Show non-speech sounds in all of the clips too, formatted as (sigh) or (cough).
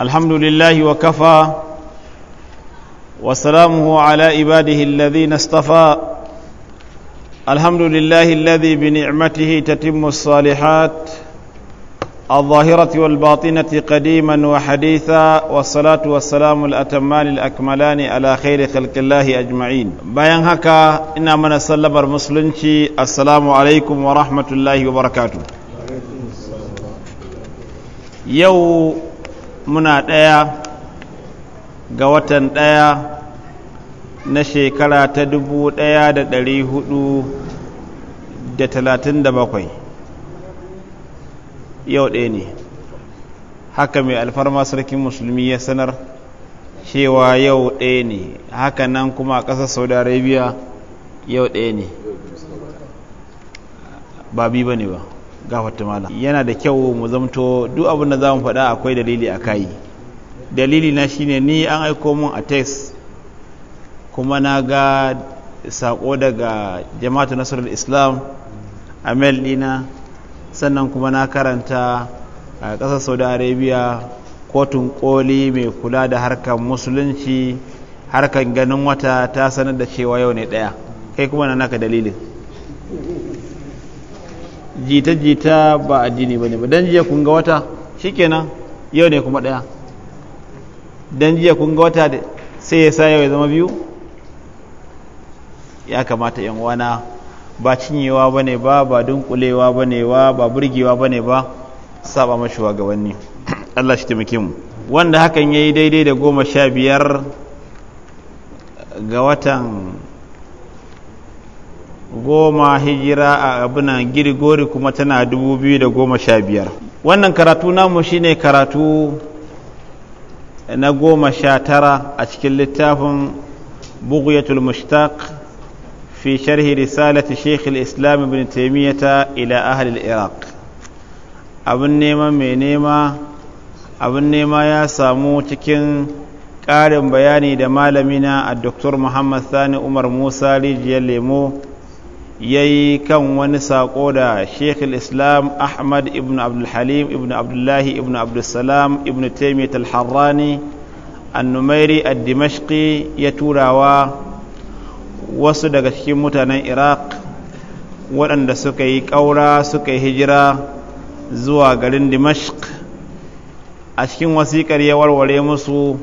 الحمد لله وكفى وسلامه على عباده الذين اصطفى الحمد لله الذي بنعمته تتم الصالحات الظاهرة والباطنة قديما وحديثا والصلاة والسلام الأتمان الأكملان على خير خلق الله أجمعين بيان هكا إن من سلم المسلم السلام عليكم ورحمة الله وبركاته يو muna ɗaya ga watan ɗaya na shekara ta dubu ɗaya da ɗari hudu da talatin da bakwai yau ɗaya ne haka mai alfarma sarkin musulmi ya sanar cewa yau ɗaya ne haka nan kuma a ƙasar saudi arabia yau ɗaya ne ba bi ba ne ba gafarta mala yana da kyau mu zamto duk abin da za mu faɗa akwai dalili a kai dalili na shine ni an aiko mun a text kuma na ga sako daga jama'atu nasarar islam a mail ɗina sannan kuma na karanta a ƙasar saudi arabia kotun koli mai kula da harkar musulunci harkar ganin wata ta sanar da cewa yau ne ɗaya kai kuma na naka dalilin jita-jita ba addini ba ne ba don jiya kun ga wata shikenan yau ne kuma ɗaya don jiya kun ga wata sai ya sa yau ya zama biyu ya kamata yan wana ba cinyewa ba ba ba dunkulewa ba ne ba ba burgewa ba ne ba saba mashi gabanni (clears throat) Allah shi taimake mu wanda hakan ya yi daidai da goma sha biyar ga watan goma hijira a abinan girigori kuma tana dubu biyu da goma sha biyar wannan karatu namu shine karatu na goma sha tara a cikin littafin ya mushtaq fi sharhi risalati sheikh islam ibn taimiyata ila ahli iraq abin nema mai nema abin nema ya samu cikin ƙarin bayani da malamina a dr muhammad sani umar musa rijiyar lemo ya yi kan wani saƙo da shekul islam ahmad ibn abdulhalim ibn abdullahi ibn abdulsalam ibn taimiyat al-harrani annumairi a dimashqi ya turawa wasu daga cikin mutanen iraq waɗanda suka yi ƙaura suka yi hijira zuwa garin dimashq a cikin wasiƙar ya warware musu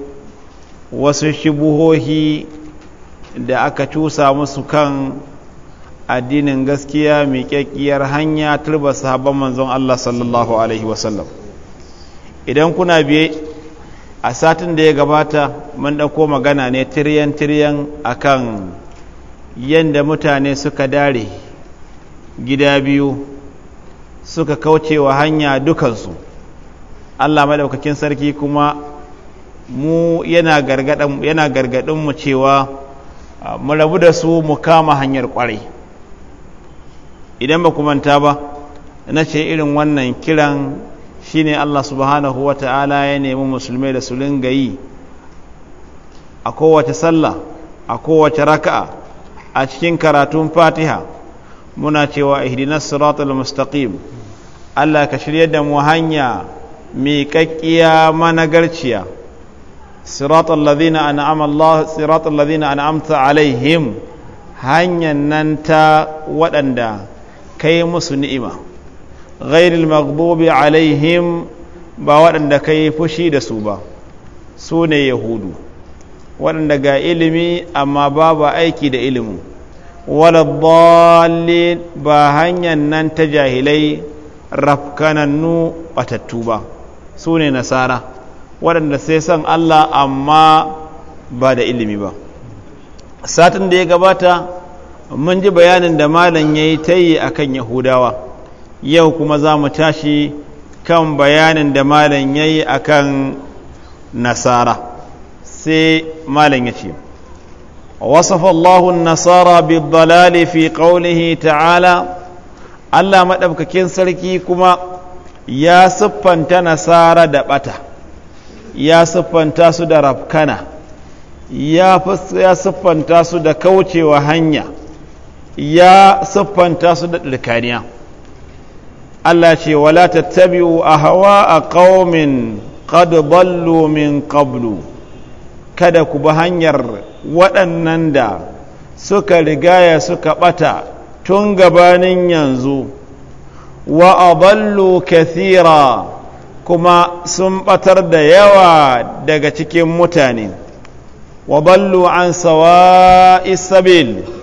wasu shibuhohi da aka cusa musu kan addinin gaskiya mai kyakkiyar hanya turba sahabban manzon Allah sallallahu alaihi wasallam idan kuna biye a satin da ya gabata mun ɗauko magana ne tiryan-tiryan kan yadda mutane suka dare gida biyu suka kauce wa hanya dukansu Allah maɗaukakin sarki kuma mu yana gargadin mu cewa mu rabu da su mu kama hanyar kwarai idan ba ku manta ba na ce irin wannan kiran shine Allah subhanahu wa ta'ala ya nemi musulmai da su linga a kowace sallah a kowace raka'a a cikin karatun fatiha muna cewa ihdinas siratul mustaqim Allah ka shirya da mu hanya miƙaƙƙiya managarciya siratul ladhina an'ama Allah siratul ladhina an'amta alaihim hanyan nan ta waɗanda kai musu ni'ima ghairil maghdubi alaihim ba waɗanda ka fushi da su ba su ne yahudu waɗanda ga ilimi amma babu aiki da ilimin waladhalin ba hanyar nan ta jahilai rafkanannu batattu ba su ne nasara waɗanda sai son Allah amma ba da ilimi ba satin da ya gabata mun ji bayanin da malam ya yi ta yi a kan yahudawa yau kuma za mu tashi kan bayanin da malam ya yi a kan nasara sai malam ya ce wasafa allahun nasara bidalali fi ƙaunihi ta'ala allah maɗaukakin sarki kuma ya siffanta nasara da ɓata ya siffanta su da rafkana ya siffanta su da kaucewa hanya ya siffanta su da ɗirkaniya Allah ce wala tattabi'u a a ƙaumin ballu min qablu kada ku bi hanyar waɗannan da suka rigaya suka ɓata tun gabanin yanzu wa aballu kathira kuma sun ɓatar da yawa daga cikin mutane wa ballu an sawa'is sabil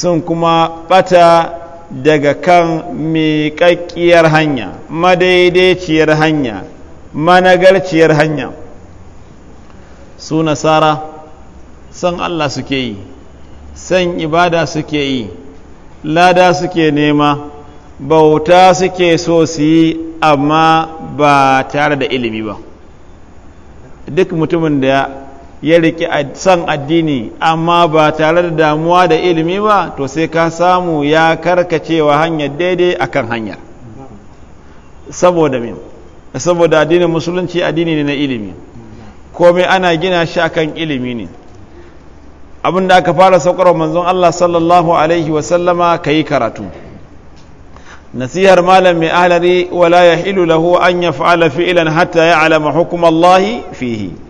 sun kuma ɓata daga kan miƙaƙƙiyar hanya madaidaiciyar hanya managarciyar hanya su nasara san Allah suke yi san ibada suke yi lada suke nema bauta suke so su yi amma ba tare da ilimi ba duk mutumin da ya rike san addini amma ba tare da damuwa da ilimi ba to sai ka samu ya karkacewa hanyar daidai akan hanyar saboda min saboda addinin musulunci addini ne na ilimi komai ana gina shi akan ilimi ne abin da aka fara saukar manzon Allah sallallahu alaihi wasallama ka yi karatu nasihar malam mai ahlari wala hilu lahu an yaf'ala fi'ilan hatta ya hukumar Allah fihi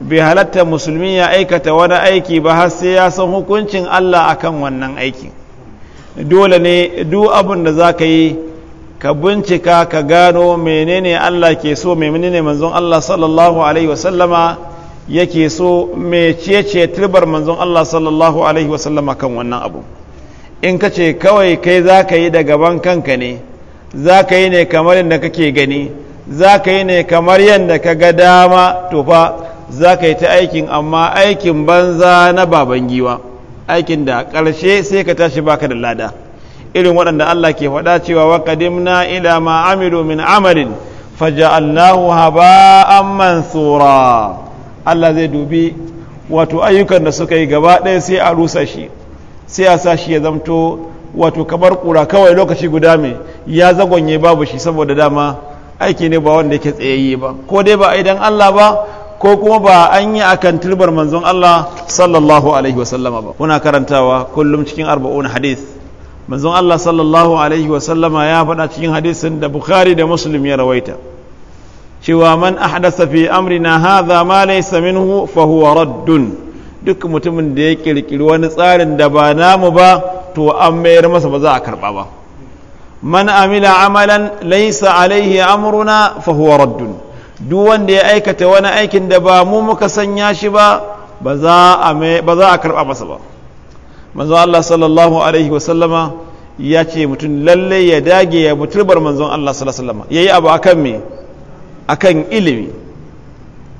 bai halatta musulmi ya aikata wani aiki ba har sai ya san hukuncin Allah akan wannan aiki dole ne duk abin da za ka yi ka bincika ka gano menene Allah ke so menene manzon Allah sallallahu alaihi wasallama yake so mecece turbar manzon Allah sallallahu alaihi wasallama kan wannan abu in ka ce kawai kai za ka yi da gaban kanka ne za ka yi ne kamar yadda kake gani za ka yi ne kamar yadda ka ga dama to fa za ka yi ta aikin amma aikin banza na baban giwa aikin da ƙarshe sai ka tashi baka da lada irin waɗanda Allah ke faɗa cewa wa qadimna ila ma amilu min amalin faja'alnahu haba'an mansura Allah zai dubi wato ayyukan da suka yi gaba ɗaya sai a rusa shi sai a sa shi ya zamto wato kamar ƙura, kawai lokaci guda mai ya zagonye babu shi saboda dama aiki ne ba wanda yake tsayayye ba ko dai ba a idan Allah ba ko kuma ba an yi kan tilbar manzon Allah sallallahu alaihi wasallama ba Kuna karantawa kullum cikin arba'un hadith manzon Allah sallallahu alaihi wasallama ya faɗa cikin hadisin da Bukhari da Muslim ya rawaita cewa man ahdasa fi amrina hadha ma laysa minhu fa huwa raddun duk mutumin da ya kirkiri wani tsarin da ba namu ba to an mayar masa ba za a karɓa ba man amila amalan laisa alaihi amruna fa huwa raddun duk wanda ya aikata wani aikin da ba mu muka sanya shi ba ba za a karɓa masa ba manzo Allah sallallahu alaihi wasallama ya ce mutum lalle ya dage ya mutubar manzo Allah sallallahu alaihi wasallama yayi abu akan me akan ilimi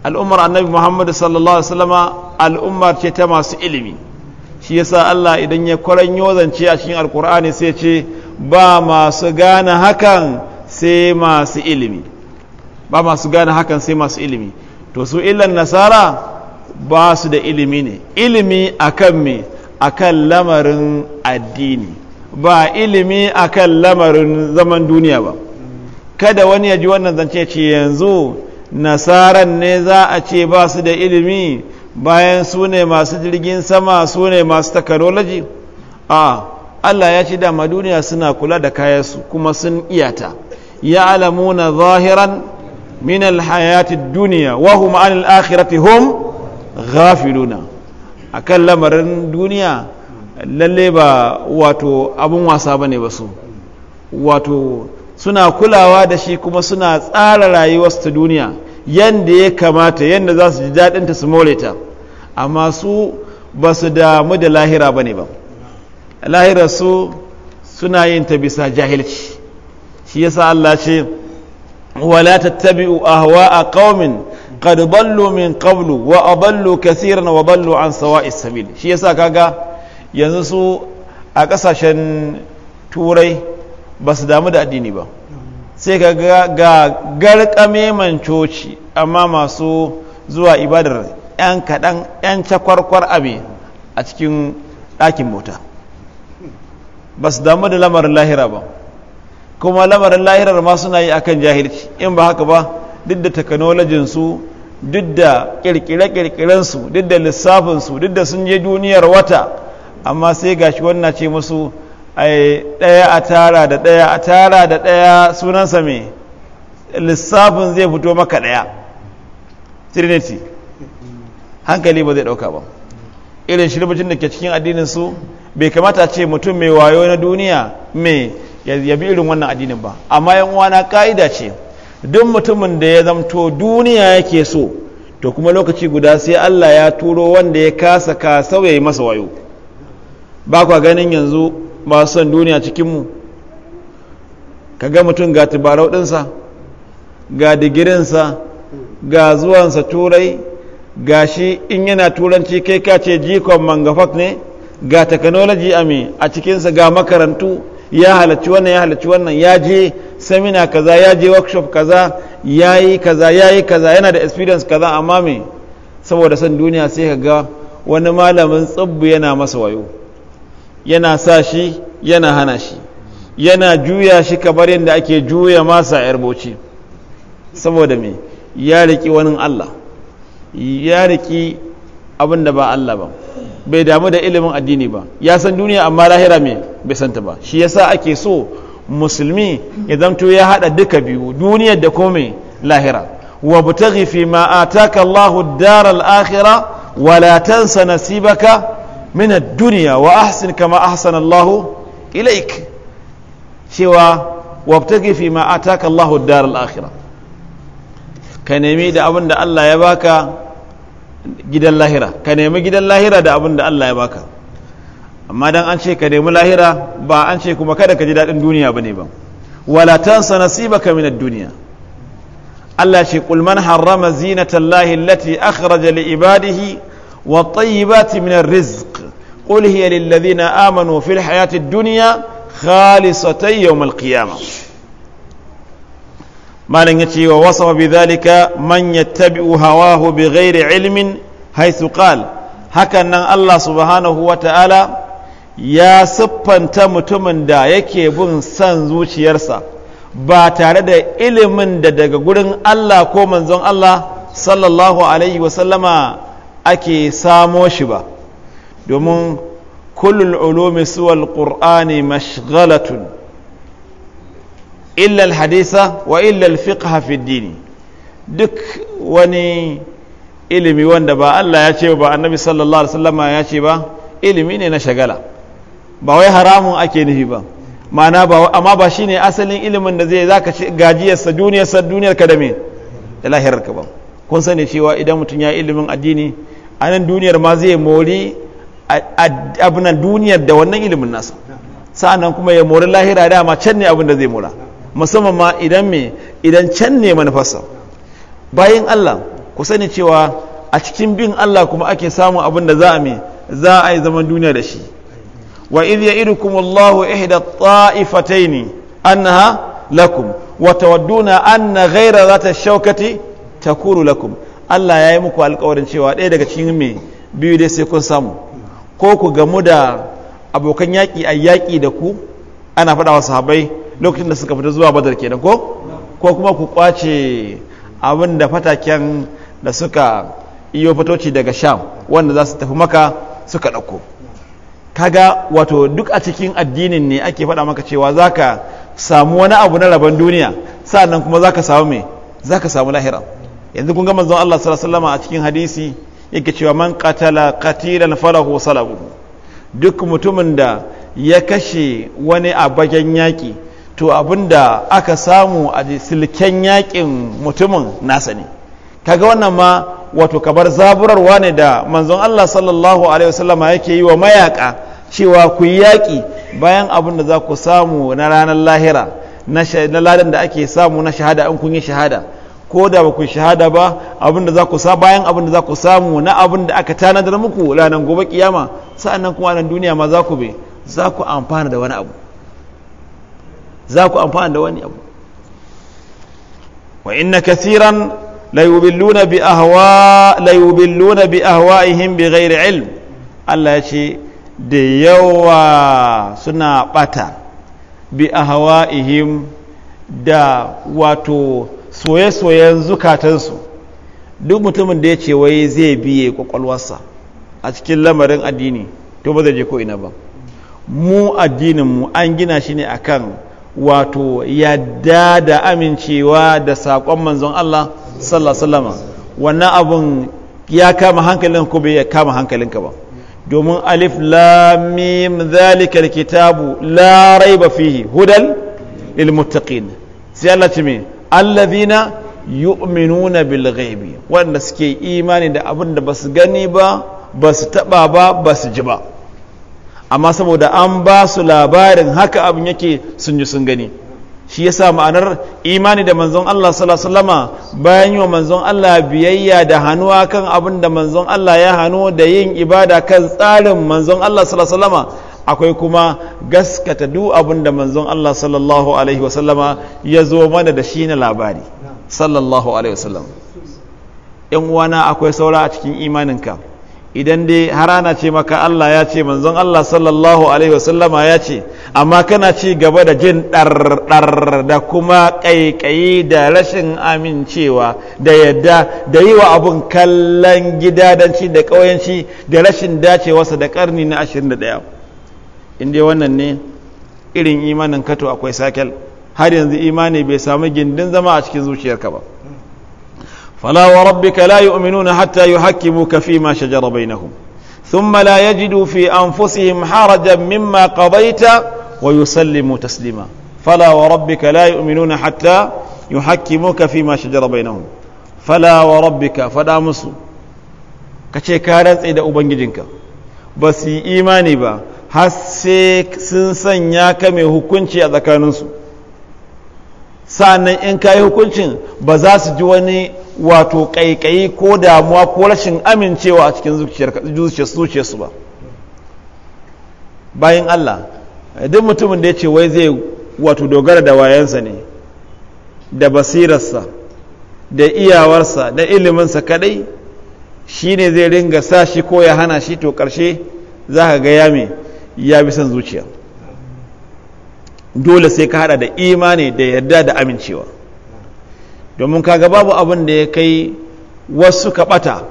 al'ummar annabi Muhammad sallallahu alaihi wasallama al'ummar ce ta masu ilimi shi yasa Allah idan ya kwaranyo zance a cikin alqur'ani sai ce ba masu gane hakan sai masu ilimi ba masu gane hakan sai masu ilimi to su illan nasara ba su da ilimi ne ilimi akan me akan lamarin addini ba ilimi akan lamarin zaman duniya ba kada wani ya ji wannan zance ce yanzu nasaran ne za a ce ba su da ilimi bayan su ne masu jirgin sama su ne masu technology a Allah ya ci dama duniya suna kula da kayansu kuma sun iyata ya alamuna zahiran Minal hayati duniya wa hum an al-akhirati hum ghafiluna akan lamarin duniya lalle ba wato abun wasa bane ba su wato suna kulawa da shi kuma suna tsara rayuwarsu ta duniya yanda ya kamata yanda za su ji daɗinta su more ta amma su basu damu da lahira bane ba lahirarsu suna yin ta bisa jahilci shi yasa Allah ce ولا تتبعوا أهواء قوم قد ضلوا من قبل وأضلوا كثيرا وضلوا عن سواء السبيل شي يسا كاغا yanzu su a kasashen turai ba su damu da addini ba sai ka ga garkame coci amma masu zuwa ibadar 'yan kaɗan 'yan cakwarkwar abe a cikin ɗakin mota ba su damu da lamarin lahira ba kuma lamarin lahirar ma suna yi akan jahilci in ba haka ba duk da su duk da kirkire-kirkirensu duk da lissafinsu duk da sun je duniyar wata amma sai gashi wannan ce musu ai daya a tara da daya a tara da daya sunansa me lissafin zai fito maka daya trinity hankali ba zai ɗauka ba irin shirbacin da ke cikin su bai kamata ce mutum mai wayo na duniya mai ya bi irin wannan addinin ba amma yan uwana ka'ida ce duk mutumin da ya zamto duniya yake so to kuma lokaci guda sai Allah ya turo wanda ya kasa ka sauya masa wayo ba kwa ganin yanzu masu son duniya cikinmu ka ga mutum ga tubarau ɗinsa ga digirinsa ga zuwansa turai ga shi in yana turanci kai ka ce jikon mangafak ne ga technology a a cikinsa ga makarantu ya halarci wannan ya halarci wannan ya je semina kaza ya je workshop kaza ya yi kaza ya yi kaza yana da experience kaza amma me saboda son duniya sai ka ga wani malamin tsibbu yana masa wayo yana sa shi yana hana shi yana juya shi kamar yadda ake juya masa yar yarboci saboda me ya riki wani Allah ya riki abin da ba Allah ba bai damu da ilimin addini ba ya san duniya amma lahira mai bai santa ba shi yasa ake so musulmi ya zamto ya hada duka biyu duniya da kome lahira wa butaghi fi ma ataka Allahu ad akhirah wa la tansa nasibaka min ad-dunya wa ahsin kama ahsana Allahu ilaik cewa wa butaghi fi ma ataka Allahu ad-daral akhirah ka nemi da abin da Allah ya baka gidan lahira ka nemi gidan lahira da abin da Allah ya baka amma dan an ce ka nemi lahira ba an ce kuma kada ka ji daɗin duniya ne ba wala tansa nasibaka minad duniya Allah ce qul man harrama zinata allahi allati akhraja li ibadihi wa tayyibati minar rizq qul hiya lil ladina amanu fil hayati ad-dunya khalisatan yawm al-qiyamah malam ya ce wa wasu wa bidhalika man yattabi'u hawahu bi ghairi ilmin haithu qal hakan nan Allah subhanahu wa ta'ala ya siffanta mutumin da yake bin san zuciyarsa ba tare da ilimin da daga gurin Allah ko manzon Allah sallallahu alaihi wasallama ake samo shi ba domin kullul ulumi suwal qur'ani mashghalatun illa hadisa wa illa fiqha fi dini duk wani ilimi wanda ba Allah ya ce ba annabi sallallahu alaihi wasallama ya ce ba ilimi ne na shagala ba wai haramun ake nufi ba ma'ana ba amma ba shine asalin ilimin da zai zaka ci gajiyarsa duniyarsa duniyar ka da me da lahirar ka ba kun sani cewa idan mutum ya ilimin addini a nan duniyar ma zai mori abinan duniyar da wannan ilimin nasa sa'annan kuma ya mori lahira dama can ne abin da zai mora musamman ma idan me idan can ne manufarsa bayan Allah ku sani cewa a cikin bin Allah kuma ake samun abin da za a me za a yi zaman duniya da shi wa idh ya'idukum Allahu ihda ta'ifatayn annaha lakum wa tawadduna anna ghayra zata shawkati takunu lakum Allah ya yi muku alƙawarin cewa ɗaya daga cikin me biyu dai sai kun samu ko ku gamu da abokan yaƙi a yaƙi da ku ana faɗa wa sahabbai lokacin da suka fita zuwa badar kenan ko ko kuma ku kwace abin da fataken da suka iyo fitoci daga sham wanda za su tafi maka suka ɗauko kaga wato duk a cikin addinin ne ake faɗa maka cewa za ka samu wani abu na rabon duniya sa'annan kuma za ka samu mai za ka samu lahira yanzu kun ga manzon Allah sallallahu alaihi a cikin hadisi yake cewa man qatala qatilan falahu salabu duk mutumin da ya kashe wani a bagen yaki to da aka samu a silken yakin mutumin nasa ne kaga wannan ma wato kabar zaburarwa ne da manzon Allah sallallahu alaihi wasallama yake yi wa mayaka cewa ku yi yaƙi bayan abin da za ku samu na ranar lahira na ladan da ake samu na shahada in kun yi shahada ko da ba ku shahada ba abin da za ku sa bayan abin da za ku samu na abin da aka tanadar muku ranar gobe kiyama sa'annan kuma nan duniya ma za ku be za ku amfana da wani abu za ku amfani da wani abu wa inna kathiran layubilluna bi ahwa bi ahwaihim bi ghairi ilm Allah ya ce da yawa suna bata bi ahwaihim da wato soye-soyen zukatansu duk mutumin da ya ce wai zai biye kwakwalwarsa a cikin lamarin addini to ba zai je ko ina ba mu addininmu an gina shi ne akan wato yadda da amincewa da saƙon manzon Allah sallama wannan abun ya kama hankalin ko bai ya kama hankalinka ba domin alif lamim zalikal kitabu la raiba fihi hudal lil muttaqin sai Allah ce me allazina yu'minuna bil ghaibi wanda suke imani da abin da basu gani ba basu taba ba basu ji ba amma saboda an ba su labarin haka abin yake sun ji sun gani shi yasa ma'anar imani da manzon Allah sallallahu bayan yi wa manzon Allah biyayya da hannuwa kan abin da manzon Allah ya hannu da yin ibada kan tsarin manzon Allah sallallahu akwai kuma gaskata duk abin da manzon Allah sallallahu alaihi wasallama ya zo mana da shi na labari sallallahu alaihi wasallam yan uwana akwai saura a cikin imaninka idan dai har ana ce maka Allah ya ce manzon Allah sallallahu alaihi wasallama ya ce amma kana ci gaba da jin ɗarɗar da kuma ƙaiƙayi da rashin amincewa da yadda da yi wa abun kallon gidadanci da ƙauyenci da rashin dacewarsa da ƙarni na 21 in dai wannan ne irin imanin kato akwai sakel har yanzu imani bai samu gindin zama a cikin zuciyarka ba فلا وربك لا يؤمنون حتى يحكموك فيما شجر بينهم ثم لا يجدوا في أنفسهم حرجا مما قضيت ويسلموا تسليما فلا وربك لا يؤمنون حتى يحكموك فيما شجر بينهم فلا وربك فلا مسو kace ka rantse da ubangijinka ba su yi imani ba har sai sun sanya ka mai hukunci a tsakaninsu sa'annan in kayi hukuncin ba za su ji wani wato kaikayi ko damuwa ko rashin amincewa a cikin zuciyarsu ba bayan Allah duk mutumin da ya ce wai zai wato dogara da wayansa ne da basirarsa da iyawarsa da iliminsa kadai shi ne zai ringa sa shi ko ya hana shi to ƙarshe za ka ga ya ya bi son zuciya dole sai ka hada da imani da yarda da amincewa domin kaga babu abin da ya kai wasu ka bata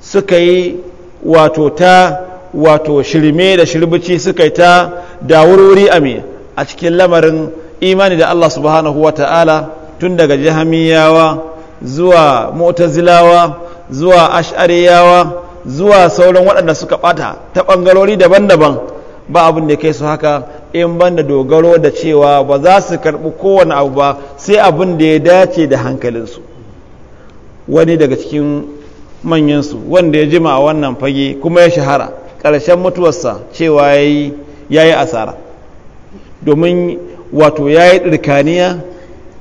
suka yi wato ta wato shirme da shirbici suka yi ta da wuri ame a cikin lamarin imani da Allah subhanahu wa ta'ala tun daga jihamiyawa zuwa mu'tazilawa zuwa ash'ariyawa zuwa sauran waɗanda suka ɓata ta ɓangarori daban-daban ba abin da kai su haka in banda dogaro da cewa ba za su karɓi kowane abu ba sai abin da ya dace da hankalinsu wani daga cikin manyansu wanda ya jima a wannan fage kuma ya shahara ƙarshen mutuwarsa cewa ya yi asara domin wato ya yi ɗirkaniya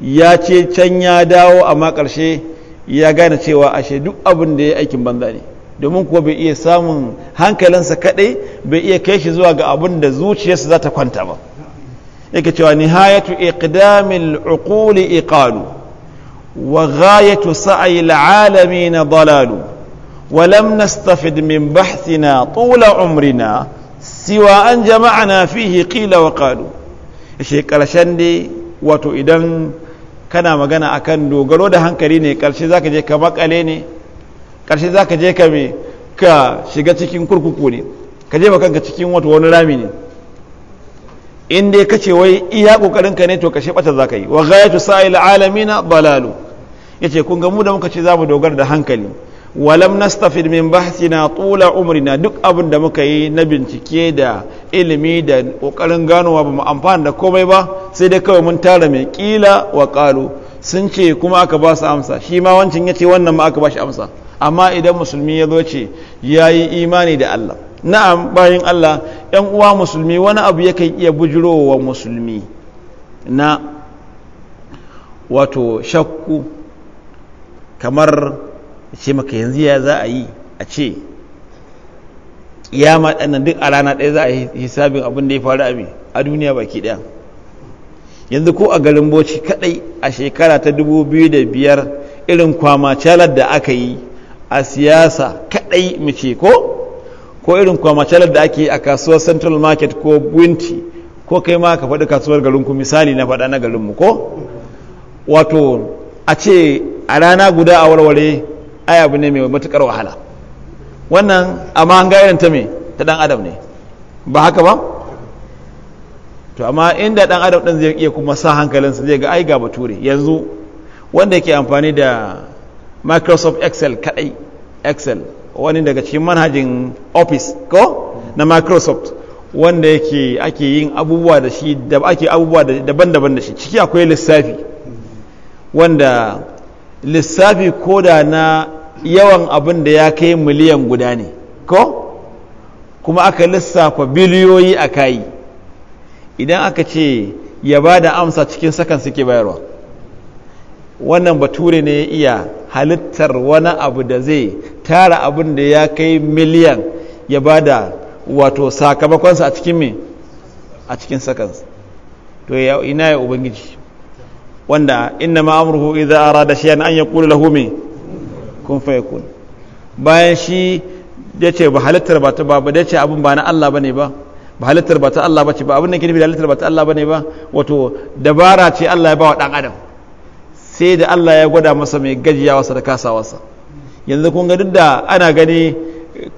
ya ce can ya dawo amma ƙarshe ya gane cewa ashe duk abin da ya aikin banza ne domin kuwa bai iya samun hankalinsa kadai bai iya kai shi zuwa ga abin da zuciyarsa za ta kwanta ba yake cewa nihayatu iqdamil uquli iqalu wa ghayatu sa'il alamin dalalu wa lam nastafid min bahthina tula umrina siwa an na fihi qila wa qalu shi karshen dai wato idan kana magana akan dogaro da hankali ne karshe zaka je ka makale ne karshe za ka je ka mai ka shiga cikin kurkuku ne ka je kanka cikin wata wani rami ne in dai ka wai iya kokarin ka ne to ka shebata za ka yi wa tu sa'il alamina balalu yace kun ga mu da muka ce za mu dogara da hankali walam nastafid min bahthina tula na duk abin da muka yi na bincike da ilimi da kokarin ganowa ba mu amfana da komai ba sai dai kawai mun tara mai kila wa qalu sun ce kuma aka ba su amsa shi ma wancin yace wannan ma aka ba shi amsa amma idan musulmi ya zo ce ya yi imani da Allah na'am bayan Allah yan uwa musulmi wani abu ya kai iya bujirowa musulmi na wato shakku kamar ce maka yanzu ya za a yi a ce ya ɗannan duk a rana ɗaya za a yi hisabin abin da ya faru a a duniya baki ɗaya yanzu ko a garin boci kaɗai a shekara ta 2005 irin kwama calar da aka yi a siyasa kadai mu ce ko ko irin kwamacalar da ake a kasuwar central market ko gwinti ko kai ma ka faɗi kasuwar garinku misali na faɗa na garinmu ko wato a ce a rana guda a warware ai abu ne mai matukar wahala wannan amma an gairin ta me ta dan adam ne ba haka ba to amma inda dan adam ɗin zai iya kuma sa hankalinsa zai ga ai ga bature yanzu wanda yake amfani da microsoft excel kadai excel wani daga cikin manhajin office ko na microsoft wanda yake ake yin abubuwa da shi da ake abubuwa daban-daban da shi ciki akwai lissafi wanda lissafi ko da na yawan abin da ya kai miliyan guda ne ko kuma aka lissafa biliyoyi a kayi idan aka ce ya ba da amsa cikin sakan suke bayarwa wannan bature ne ya iya halittar wani abu da zai tara abin da ya kai miliyan ya ba da wato sakamakonsa a cikin me a cikin sakans to ya ina ya ubangiji wanda inna ma'amurhu idza shi yana an yaqulu lahu me kun fayakun bayan shi ya ce ba halittar ba ta ba ba da ce abin ba na Allah ne ba ba halittar ba ta Allah ce ba abin da ke nufi da halittar ba ta Allah ne ba wato dabara ce Allah ya ba wa dan adam sai da Allah ya gwada masa mai wasa da kasawarsa yanzu kun ga duk da ana gani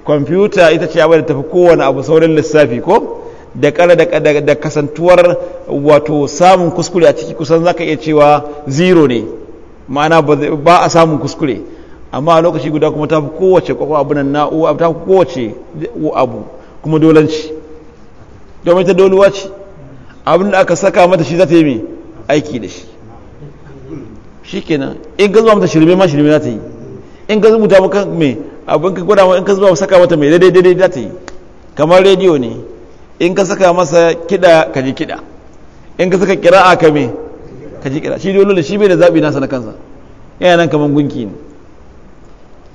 kwamfuta ita ce abu da tafi kowane abu saurin lissafi ko da kara da kasantuwar wato samun kuskure a ciki kusan zaka iya cewa zero ne ma'ana ba a samun kuskure amma a lokaci guda kuma tafi kowace kwakwa abu nan na'uwa abu kuma dolanci domin ta doluwa ce abin da aka saka mata shi za ta yi mai aiki da shi shikenan in ka zuba mata shirme ma shirme za ta yi in ka zubuta maka me abin ka gwada in ka zuba saka mata mai daidai daidai za ta yi kamar rediyo ne in ka saka masa kida ka ji kiɗa in ka saka kira aka me ka ji kiɗa shi dole shi bai da zaɓi nasa na kansa yana nan kamar gunki ne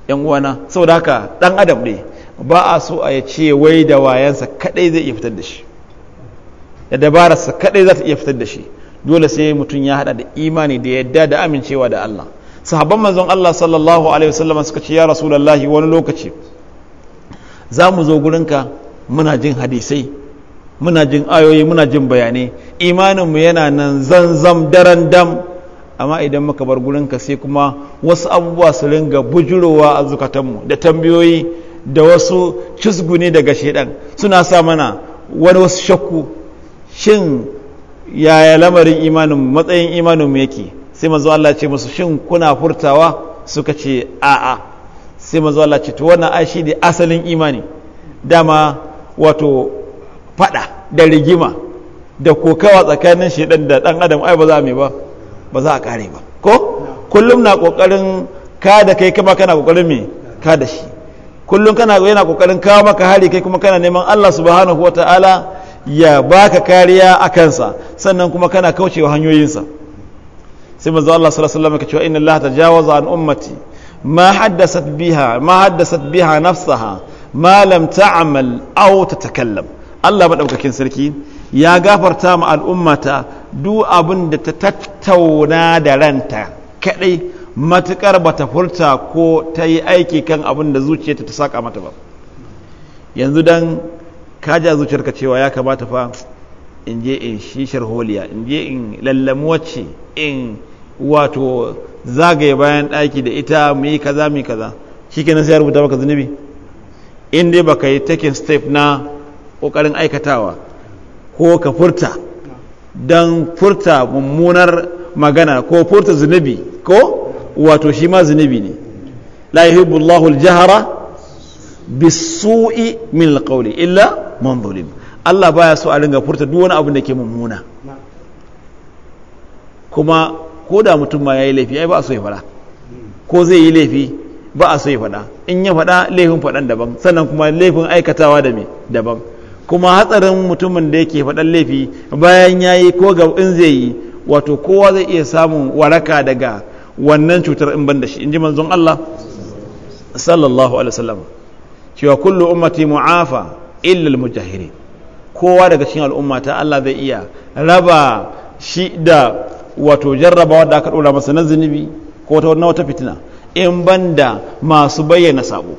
yan uwana saboda haka ɗan adam ne ba a so a ya ce wai da wayansa kadai zai iya fitar da shi da dabararsa kadai za ta iya fitar da shi dole sai mutum ya hada da imani da yadda da amincewa da Allah sahabban manzon Allah sallallahu alaihi wasallam suka ce ya rasulullahi wani lokaci za mu zo gurinka muna jin hadisai muna jin ayoyi muna jin bayanai imaninmu yana nan zanzam daren dam amma idan muka bar gurinka sai kuma wasu abubuwa su ringa bujurowa a zukatanmu da tambayoyi da wasu cusguni daga shaidan suna sa mana wani wasu shakku shin yaya lamarin imanin matsayin imanin yake sai manzo Allah ce musu shin kuna furtawa suka ce a'a sai manzo Allah ce to wannan ai shi ne asalin imani dama wato fada da rigima da kokawa tsakanin shi da dan adam ai ba za mai ba ba za a kare ba ko kullum na kokarin ka da kai kuma kana kokarin me ka da shi kullum kana yana kokarin kawo maka hari kai kuma kana neman Allah subhanahu wataala ya baka kariya a kansa sannan kuma kana kaucewa hanyoyinsa sai manzo Allah sallallahu alaihi wasallam ya ce inna Allah tajawaza an ummati ma haddasat biha ma haddasat biha nafsaha ma lam ta'mal aw Allah madaukakin sarki ya gafarta ma al'ummata duk abin da ta tattauna da ranta kadai matukar bata furta ko ta yi aiki kan abin da zuciyarta ta saka mata ba yanzu dan ka ja zuciyarka cewa ya kamata fa in je in shi sharholiya in je in lallamu wacce in wato zagaye bayan ɗaki da ita mu yi kaza mu yi kaza shi kenan sai ya rubuta maka zunubi in dai baka yi taking step na ƙoƙarin aikatawa ko ka furta don furta mummunar magana ko furta zunubi ko wato shi ma zunubi ne la yuhibbu Allahul jahara bisu'i min alqawli illa man zulim Allah baya so a ringa furta duk wani abin da ke mummuna kuma ko da mutum ma yayi laifi ai ba a so ya fada ko zai yi laifi ba a so ya fada in ya fada laifin fadan daban sannan kuma laifin aikatawa da me daban kuma hatsarin mutumin da yake fadan laifi bayan yayi ko ga in zai yi wato kowa zai iya samun waraka daga wannan cutar in ban da shi in ji manzon Allah sallallahu alaihi wasallam cewa kullu ummati mu'afa illa al-mujahiri kowa daga cikin al'umma ta Allah zai iya raba shi da wato jarraba da aka dora masa na zunubi ko ta wata fitina in banda masu bayyana sabo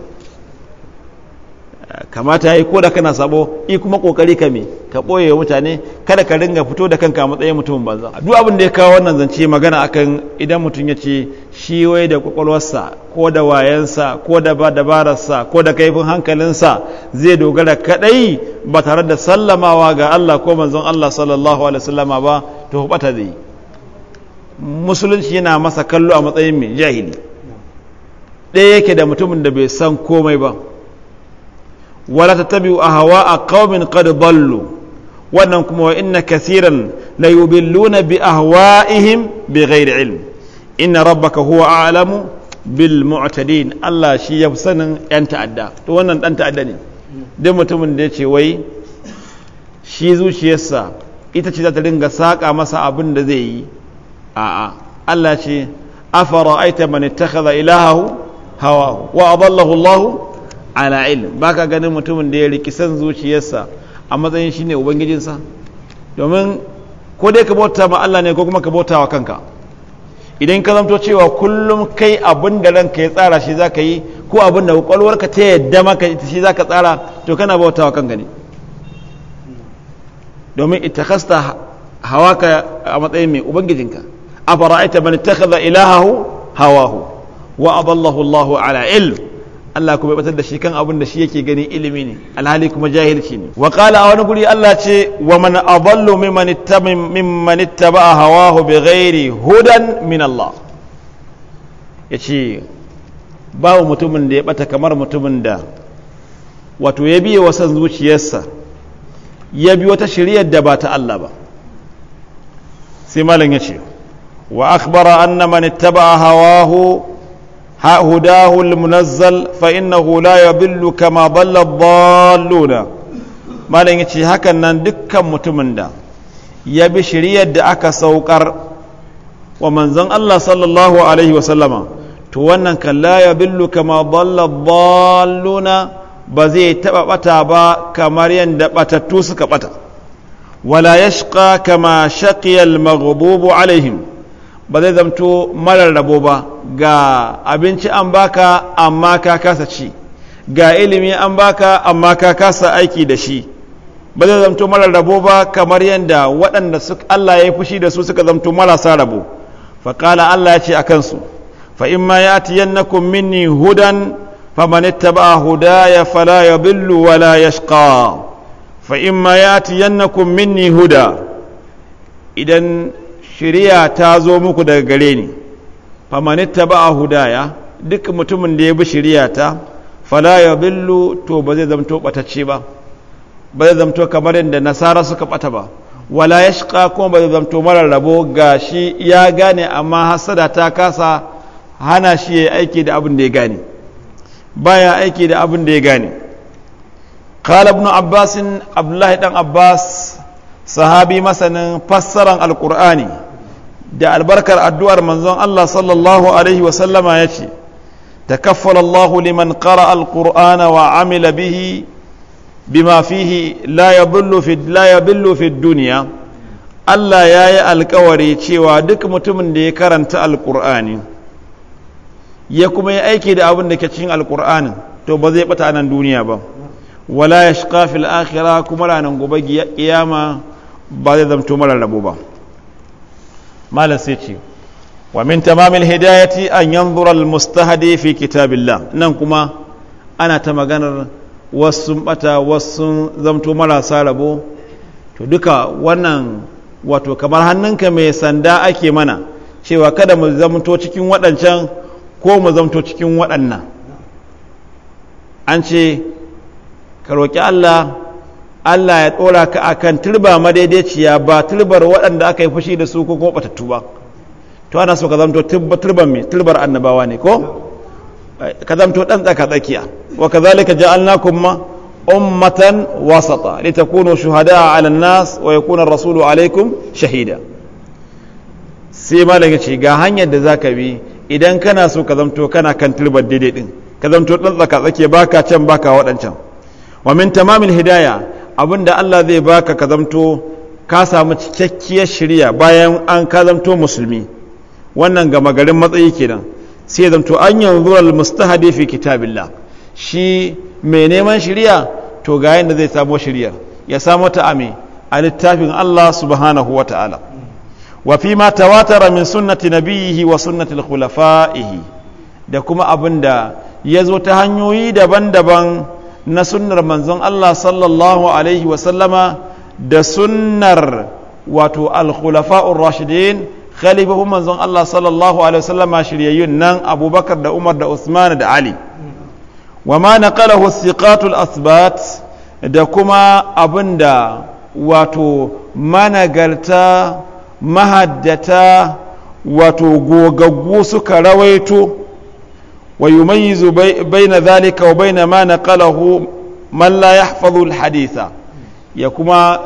kamata yi ko da kana sabo yi kuma kokari ka mai ka wa mutane kada ka ringa fito da kanka matsayin mutumin banza duk abin da ya kawo wannan zance magana akan idan mutum ya ce shi wai da kwakwalwarsa ko da wayansa ko da dabararsa ko da kaifin hankalinsa zai dogara kadai ba tare da sallamawa ga Allah ko manzon Allah sallallahu alaihi wasallama ba to bata zai musulunci yana masa kallo a matsayin mai jahili ɗaya yake da mutumin da bai san komai ba wala tattabi'u ahwa'a a qad ballu wannan kuma wa inna kathiran la yubilluna bi ahwa'ihim bi ghairi ilm inna rabbaka huwa a'lamu bil mu'tadin Allah shi ya sanin yan ta'adda to dan ta'adda ne mutumin da ya ce wai shi zuciyarsa ita ce za ta dinga saka masa abin da zai yi a'a Allah ce afara aita man ittakhadha ilahahu hawahu wa adallahu ala ilm baka ganin mutumin da ya riki san zuciyarsa a matsayin shine ubangijinsa domin ko dai ka bauta ma Allah ne ko kuma ka bauta wa kanka idan ka zamto cewa kullum kai abin da ranka ya tsara shi zaka yi ko abin da kwakwalwarka ta yadda maka shi zaka tsara to kana bauta wa kanka ne domin ittakhasta hawaka a matsayin mai ubangijinka afara'aita man ittakhadha ilahahu hawahu wa aballahu Allahu ala ilm Allah kuma batar da shi kan abin da shi yake gani ilimi ne alhali kuma jahilci ne wa qala a wani guri Allah ce wa man adallu mimman ittaba mimman ittaba hawahu bighairi hudan min Allah yace babu mutumin da ya bata kamar mutumin da wato ya biye wasa zuciyarsa ya bi wata shiriyar da ba ta Allah ba sai malam yace wa akhbara anna man ittaba hawahu هداه المنزل فإنه لا يضل كما ضل الضالون ما لن يتشي هكا نندك متمندا يبي شريد أكا سوكر ومن زن الله صلى الله عليه وسلم تونن كان لا يضل كما ضل الضالون بزي تبقى با كمريان دبتتوسك بتا ولا يشقى كما شقي المغضوب عليهم ba zai zamto marar rabo ba ga abinci an baka amma ka kasa ci ga ilimi an baka amma ka kasa aiki da shi ba zai zamto marar rabo ba kamar yadda waɗanda Allah ya yi fushi da su suka zamto marasa rabo faƙala Allah ya ce a kansu fa’in ma ya ti yannakum minni hudan fa huda ya fara ya billu wala yashqa fa fa’in ma ya ti yannakum minni huda idan shiriya ta zo muku daga gare ni famanitta ba a hudaya duk mutumin da ya bi shiriya ta fala ya billu to ba zai zamto batacce ba ba zai zamto kamar yadda nasara suka bata ba wala ya shiƙa kuma ba zai zamto marar rabo ga shi ya gane amma hasada ta kasa hana shi ya aiki da abin da ya gane baya aiki da abin da ya gane kala ibn abbasin abdullahi dan abbas sahabi masanin fassaran alkur'ani. da albarkar addu'ar manzon Allah sallallahu alaihi wasallama ya ce تكفل الله لمن قرأ القرآن وعمل به بما فيه لا يضل في لا يضل Allah ya yi alkawari cewa duk mutumin da ya karanta alkur'ani ya kuma yi aiki da abin da ke cikin alkur'anin to ba zai bata nan duniya ba wala ya shiga fil kuma ranar gobe kiyama ba zai zamto mara rabo ba malam sai ce wa min tamamil hidayati an yanzura al mustahdi fi kitabillah nan kuma ana ta maganar wasu bata wasu zamto marasa rabo to duka wannan wato kamar hannunka mai sanda ake mana cewa kada mu zamto cikin waɗancan ko mu zamto cikin waɗannan an ce ka roƙi Allah Allah ya tsora ka kan turba madaidaiciya ba turbar waɗanda aka yi fushi da su ko kuma batattu ba to ana so ka zamto turban me turbar annabawa ne ko ka zamto ɗan tsaka tsakiya wa kazalika ja'alnakum ma ummatan wasata litakunu shuhada 'ala nas wa yakuna rasulu alaikum shahida sai ma daga ce ga hanyar da za ka bi idan kana so ka zamto kana kan turbar daidai ɗin ka zamto ɗan tsaka tsakiya baka can baka waɗancan wa min tamamin hidaya abin da Allah zai baka ka zamto ka samu cikakkiyar shirya bayan an ka musulmi wannan gama garin matsayi kenan sai zamto an yanzu al mustahadi fi kitabillah shi mai neman shirya to ga yadda zai samo shiryar ya samo ta ame a littafin Allah subhanahu wa ta'ala wa fi ma tawatara min sunnati nabiyihi wa sunnati khulafa'ihi da kuma abin da ya zo ta hanyoyi daban-daban na sunnar manzon Allah sallallahu alaihi wasallama da sunnar wato Alkulafa'u rashidin khalifofin manzon Allah sallallahu alaihi wasallama shiryayyun nan abubakar da umar da usman da ali wa ma naqalahu siqatul asbat da kuma abinda wato managarta mahaddata wato gogaggu suka rawaito ويميز بين ذلك وبين ما نقله من لا يحفظ الحديث ya kuma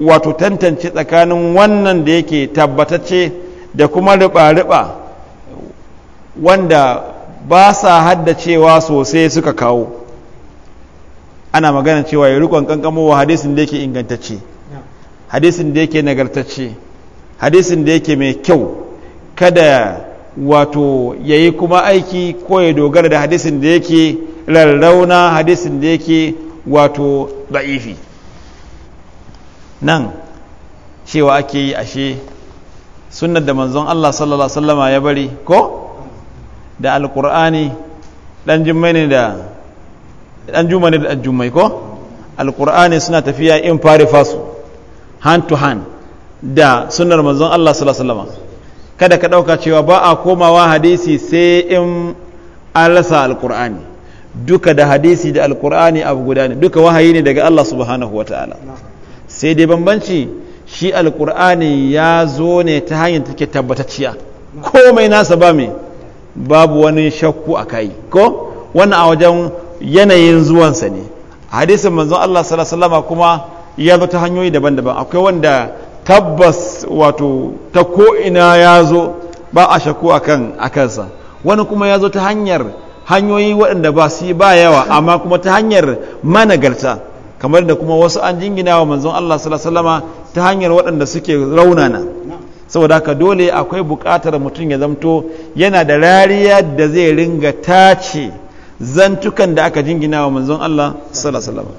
wato tantance tsakanin wannan da yake tabbatacce da kuma riba-riba wanda ba sa haddacewa sosai suka kawo ana magana cewa ya rikon kankamowa hadisin da yake ingantacce hadisin da yake nagartacce hadisin da yake mai kyau kada wato ya yi kuma aiki ko ya dogara da hadisin da yake rarrauna hadisin da yake wato da'ifi nan cewa ake yi ashe sunan da manzon Allah sallallahu Alaihi ya bari ko da alkur'ani dan jummai ne da dan juma ne da jummai ko alkur'ani suna tafiya in fari fasu hand to hand da sunnar manzon Allah sallallahu Alaihi kada ka ɗauka cewa ba a komawa hadisi sai in alasa rasa alkur'ani duka da hadisi da alkur'ani abu guda ne duka wahayi ne daga Allah subhanahu wa ta'ala sai dai bambanci shi alkur'ani ya zo ne ta hanyar take tabbatacciya komai nasa ba mai babu wani shakku a kai ko wannan a wajen yanayin zuwansa ne hadisin manzon Allah sallallahu alaihi kuma ya zo ta hanyoyi daban-daban akwai wanda tabbas wato ta ko'ina ya zo ba a shaku a kansa wani kuma ya zo ta hanyar hanyoyi waɗanda ba su yi ba yawa amma kuma ta hanyar managarta kamar da kuma wasu an jingina wa manzon Allah sallama ta hanyar waɗanda suke raunana saboda haka dole akwai buƙatar mutum ya zamto yana da rariya da zai ringa tace zantukan da aka jingina wa manzon Allah salasalama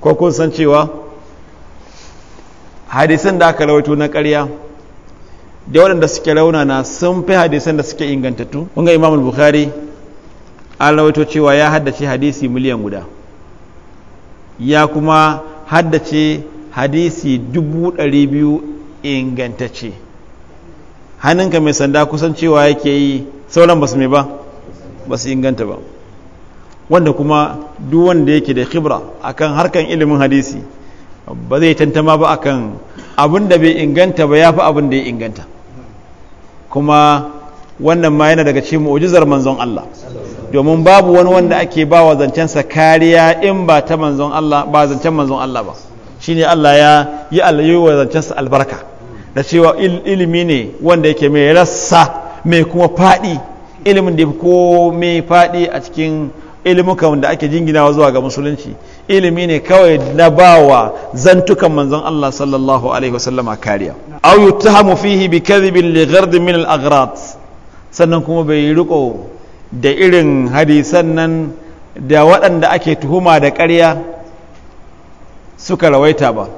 ko kun san cewa hadisan da aka rawaito na ƙarya da waɗanda suke raunana sun fi hadisan da suke ingantattu kun imamul imam bukhari an rawaito cewa ya haddace hadisi miliyan guda ya kuma haddace hadisi dubu ɗari biyu ingantacce hannunka mai sanda kusan cewa yake yi sauran basu mai ba ba su inganta ba wanda kuma duk wanda yake da khibra akan harkan ilimin hadisi ba zai tantama ba akan abin da bai inganta ba ya fi abin da ya inganta kuma wannan ma yana daga cikin mu'ujizar manzon Allah domin babu wani wanda ake ba wa zancensa kariya in ba ta manzon Allah ba zancen manzon Allah ba ne Allah ya yi alayi wa zancensa albarka da cewa ilimi ne wanda yake mai rassa mai kuma faɗi ilimin da ko mai faɗi a cikin ilimuka da ake jinginawa zuwa ga musulunci ilimi ne kawai na bawa zantukan manzon Allah sallallahu alaihi wasallama kariya aw yuttahamu fihi bi kadhibin li ghard min al sannan kuma bai riko da irin hadisan nan da waɗanda ake tuhuma da ƙarya suka rawaita ba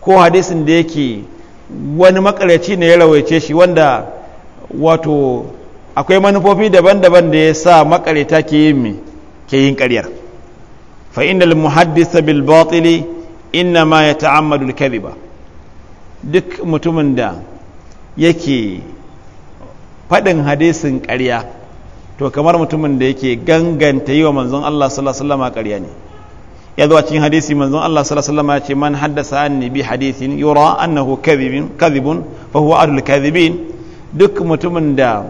ko hadisin da yake wani makaryaci ne ya rawaice shi wanda wato akwai manufofi daban-daban da ya sa me ke yin ƙaryar fa innal muhaddisa bil batili innama yata'ammadu al kadhiba duk mutumin da yake faɗin hadisin ƙarya to kamar mutumin da yake ganganta yi wa manzon Allah sallallahu alaihi wasallam ƙarya ne ya zo a cikin hadisi manzon Allah sallallahu alaihi wasallam ya ce man haddasa anni bi hadithin yura annahu kadhibun kadhibun fa huwa adul kadhibin duk mutumin da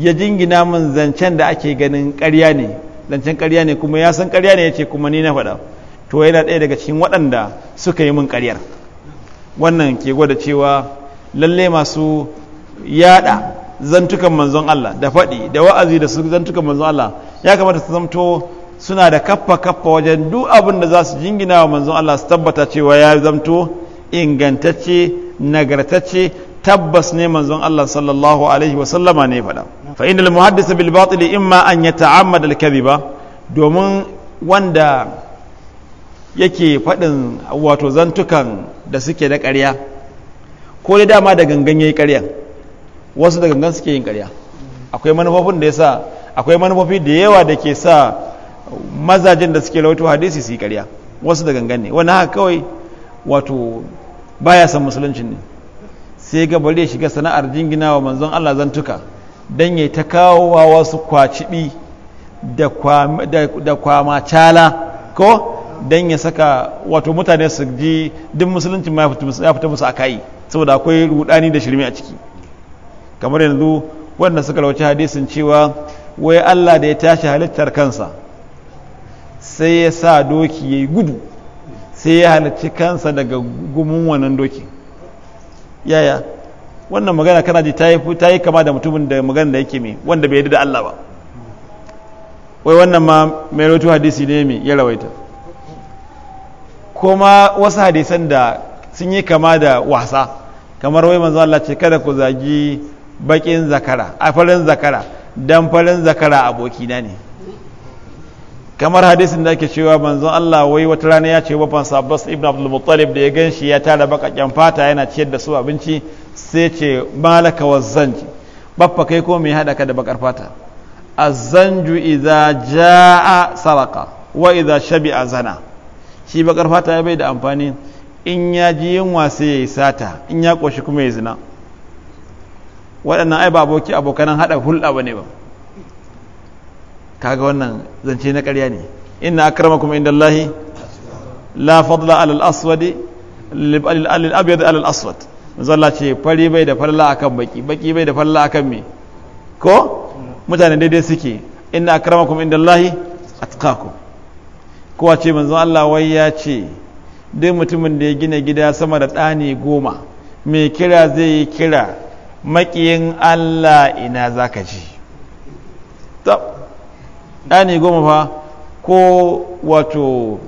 ya jingina min zancen da ake ganin ƙarya ne zancen ƙarya ne kuma ya san ƙarya ne ya ce kuma ni na faɗa to yana ɗaya daga cikin waɗanda suka yi min ƙaryar wannan ke gwada cewa lalle masu yaɗa zantukan manzon Allah da faɗi da wa'azi da su zantukan manzon Allah ya kamata su zamto suna da kaffa kaffa wajen duk abin da za su jingina wa manzon Allah su tabbata cewa ya zamto ingantacce nagartacce tabbas ne manzon Allah sallallahu alaihi wa sallama ne faɗa fa innal muhaddisa bil batil imma an yata'ammada al kadhiba domin wanda yake faɗin wato zantukan da suke da ƙarya ko da dama da gangan yayi ƙarya wasu da gangan suke yin ƙarya akwai manufofin da yasa akwai manufofi da yawa da ke sa mazajen da suke rawaito hadisi su yi ƙarya wasu da gangan ne wani haka kawai wato baya san musuluncin ne sai ga bari ya shiga sana'ar jingina wa manzon Allah zantuka dan yayi ta kawo wa wasu kwacibi da kwama cala ko dan ya saka wato mutane su ji duk musulunci ma ya fita musu akai saboda akwai rudani da shirme a ciki kamar yanzu wanda suka rauci hadisin cewa wai Allah da ya tashi halittar kansa sai ya sa doki ya yi gudu sai ya halarci kansa daga gumin wannan doki yaya wannan magana kana ji ta yi kama da mutumin da magana da yake mai wanda bai yadda da Allah ba wai wannan ma mai rotu hadisi ne mai ya rawaita kuma wasu hadisan da sun yi kama da wasa kamar wai manzo Allah ce kada ku zagi bakin zakara a farin zakara dan farin zakara abokina ne kamar hadisin da ake cewa manzon Allah wai wata rana ya ce wafan sabbas ibn Abdul Muttalib da ya gan shi ya tara bakakken fata yana ciyar da su abinci sai ce malaka wazzanji baffa kai ko mai hada ka da bakar fata azzanju idza jaa saraka wa idza shabi zana shi bakar fata ya bai da amfani in ya ji yunwa sai yayi sata in ya koshi kuma ya zina waɗannan ai ba aboki abokanan hada hulɗa ba, ne ba. kaga wannan zance na ƙarya ne inna akramakum indallahi la fadla alal aswadi lil abyad alal aswad zalla ce fari bai da falla akan baki baki bai da falla akan me ko mutane daidai suke inna akramakum indallahi atqakum kowa ce manzo Allah wai ya ce duk mutumin da ya gina gida sama da ɗani goma mai kira zai yi kira maƙiyin Allah ina zaka ji ɗani goma fa ko wato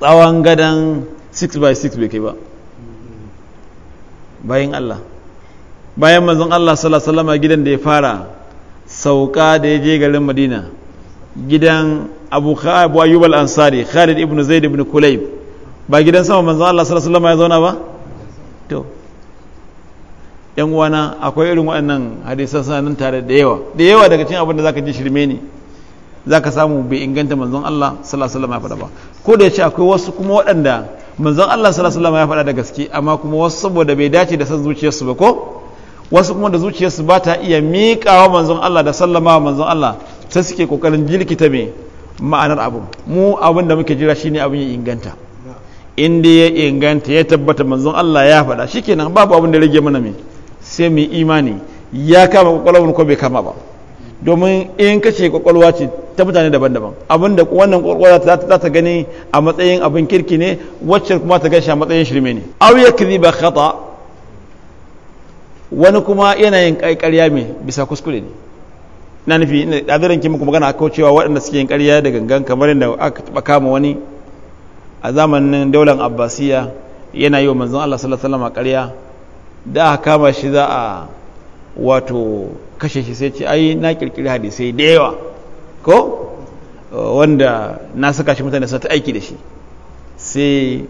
tsawon gadon 6 by 6 bai kai ba bayan Allah bayan manzon Allah sallallahu alaihi gidan da ya fara sauka da ya je garin Madina gidan Abu Abu Ayyub al-Ansari Khalid ibn Zaid ibn Kulayb ba gidan sama manzon Allah sallallahu alaihi ya zauna ba to yan uwana akwai irin waɗannan hadisan sanan tare da yawa da yawa daga cikin abin da zaka ji shirme ne za ka samu bai inganta manzon Allah sallallahu alaihi ya faɗa ba ko da yace akwai wasu kuma waɗanda manzon Allah sallallahu alaihi ya faɗa da gaske amma kuma wasu saboda bai dace da san zuciyarsu ba ko wasu kuma da zuciyarsu ba ta iya miƙawa manzon Allah da sallama wa manzon Allah sai suke kokarin jirkita me ma'anar abu mu abin da muke jira shine abin ya inganta in da ya inganta ya tabbata manzon Allah ya faɗa shikenan babu abin da rage mana me sai mu imani ya kama kwakwalwar ko bai kama ba domin in kace kwakwalwa ce ta mutane daban-daban abin da wannan kwakwara za ta gani a matsayin abin kirki ne wacce kuma ta gashi a matsayin shirme ne aw ya ba khata wani kuma yanayin ƙarya mai bisa kuskure ne na nufi ɗazirin ki muku magana a cewa waɗanda suke yin ƙarya da gangan kamar yadda aka taɓa kama wani a zamanin daular abbasiya yana yi wa manzon allah sallallahu alaihi a ƙarya da aka kama shi za a wato kashe shi sai ce ai na kirkiri hadisai da yawa ko uh, wanda na saka shi mutane sa ta aiki da shi sai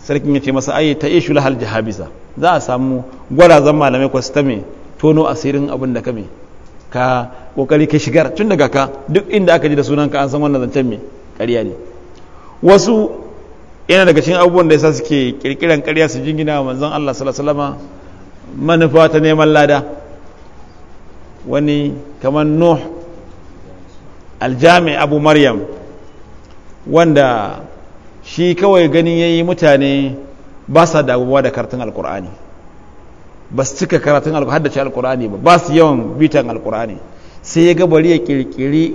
sarkin ya ce masa ai ta ishu lahal jahabiza za a samu zan malamai su ta me tono asirin abin da ka me ka kokari ka shigar tun daga ka duk inda aka ji da sunan ka an san wannan zancen me ƙarya ne wasu yana daga cikin abubuwan da yasa suke kirkiran ƙarya su jingina wa manzon Allah sallallahu alaihi wasallama manufa ta neman lada wani kamar Nuh aljami abu maryam wanda shi kawai ganin ya yi mutane ba sa damuwa da karatun alkur'ani ba su cika karatun haddace alkur'ani ba ba su yawan bitan alkur'ani sai ya gabari ya kirkiri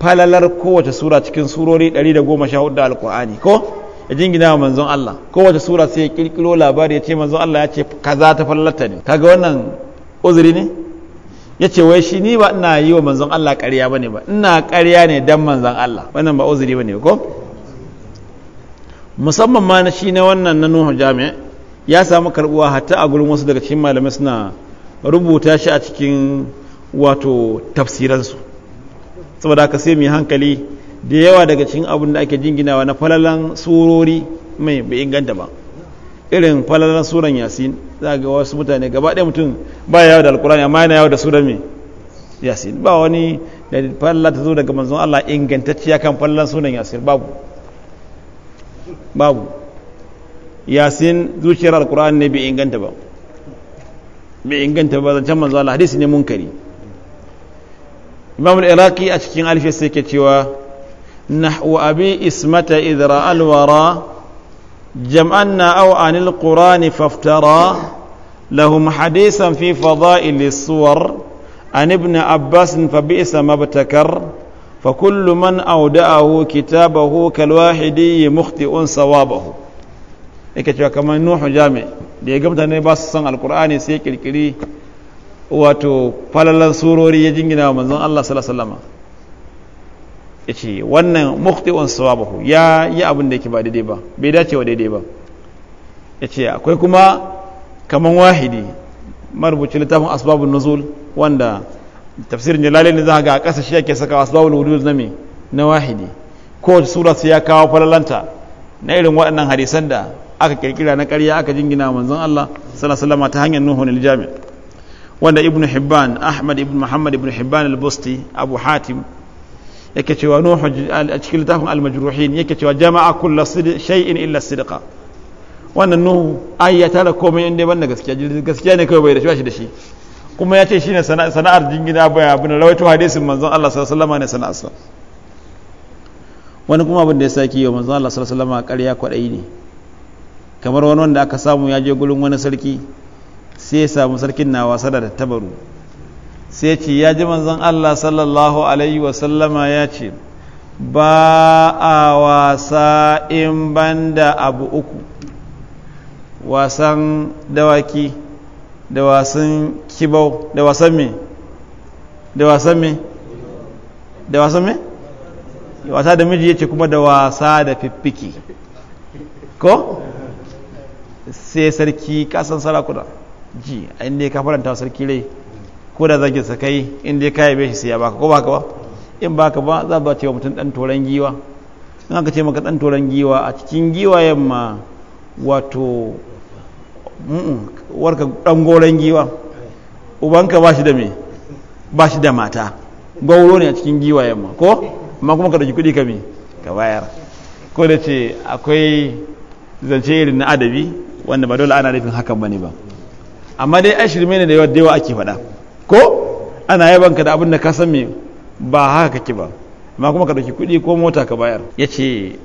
falalar kowace sura cikin surori 114 da alkur'ani ko ya jingina wa manzon Allah kowace sura sai ya kirkiro labari ya ce manzon Allah ya ce kaza ta fallata ne ga wannan uzuri ne ya ce wai shi ni ba ina yi wa manzon Allah ƙarya ba ne ba ina ƙarya ne don manzon Allah wannan ba uzuri ba ne ko musamman ma na shi na wannan na nuhu jami'a ya samu karbuwa hatta a gurin wasu daga cikin malamai suna rubuta shi a cikin wato tafsiransu saboda haka sai mai hankali da yawa daga cikin abin da ake jinginawa na falalan surori mai bai inganta ba irin falalan suran yasin za ga wasu mutane gaba ɗaya mutum ba yawo da alkurani amma yana yawo da su da mai yasin ba wani da falla ta zo daga manzon Allah ingantacciya kan fallan sunan yasin babu babu yasin zuciyar alkurani ne bai inganta ba bai inganta ba zancen manzon Allah hadisi ne munkari imam iraki a cikin alfiya sai ke cewa nahwu abi ismata idra alwara. جمعنا أو عن القرآن فافترى لهم حديثا في فضائل الصور عن ابن عباس فبئس ما ابتكر فكل من أودعه كتابه كالواحدي مخطئ صوابه yake kamar nuhu jami da ya gamta ne ba su san alkur'ani sai kirkiri wato falalan surori ya jingina wa manzon Allah sallallahu alaihi wasallam ya ce wannan muktiwan sawabahu ya yi abin da yake ba daidai ba bai dacewa daidai ba ya ce akwai kuma kaman wahidi marubuci littafin asbabun nuzul wanda tafsirin jalali ne za ga a ƙasa shi yake saka asbabul wudud na na wahidi kowace sura su ya kawo falalanta na irin waɗannan hadisan da aka kirkira na ƙarya aka jingina manzon Allah sallallahu ta hanyar nuhu jami wanda ibn hibban ahmad ibn muhammad ibn hibban al-busti abu hatim yake cewa nuhu a cikin littafin almajruhin yake cewa jama'a kullu shay'in illa sidqa wannan nuhu ai ya tara komai inda ban da gaskiya gaskiya ne kawai bai da shi da shi kuma ya ce shine sana'ar jingina baya abin rawaito hadisin manzon Allah sallallahu alaihi wasallam ne sana'arsa wani kuma abin da ya saki yau manzon Allah sallallahu alaihi wasallam ƙarya kwaɗayi ne kamar wani wanda aka samu ya je gurin wani sarki sai ya samu sarkin na wasa da tabaru sai ce ya ji manzon Allah sallallahu alaihi wasallama ya ce ba a wasa in banda abu uku wasan dawaki da wasan kibau da wasan me da wasan me da wasan me wasa da miji yace kuma da wasa da fiffiki ko sai sarki kasan sarakuna ji a inda ya kafaranta sarki rai ko da zagin sa kai in dai ka bai shi sai ya baka ko baka ba in baka ba za ba cewa mutum dan toran giwa in aka ce maka dan toran giwa a cikin giwa yamma wato warka dan goran giwa ubanka ba shi da me ba shi da mata gauro ne a cikin giwa yamma ko amma kuma ka dauki kuɗi ka me ka bayar ko da ce akwai zance irin na adabi wanda ba dole ana nufin hakan bane ba amma dai da ne da yawa ake faɗa ko ana yabanka da abin da ka san me ba haka kake ba amma kuma ka dauki kuɗi ko mota ka bayar yace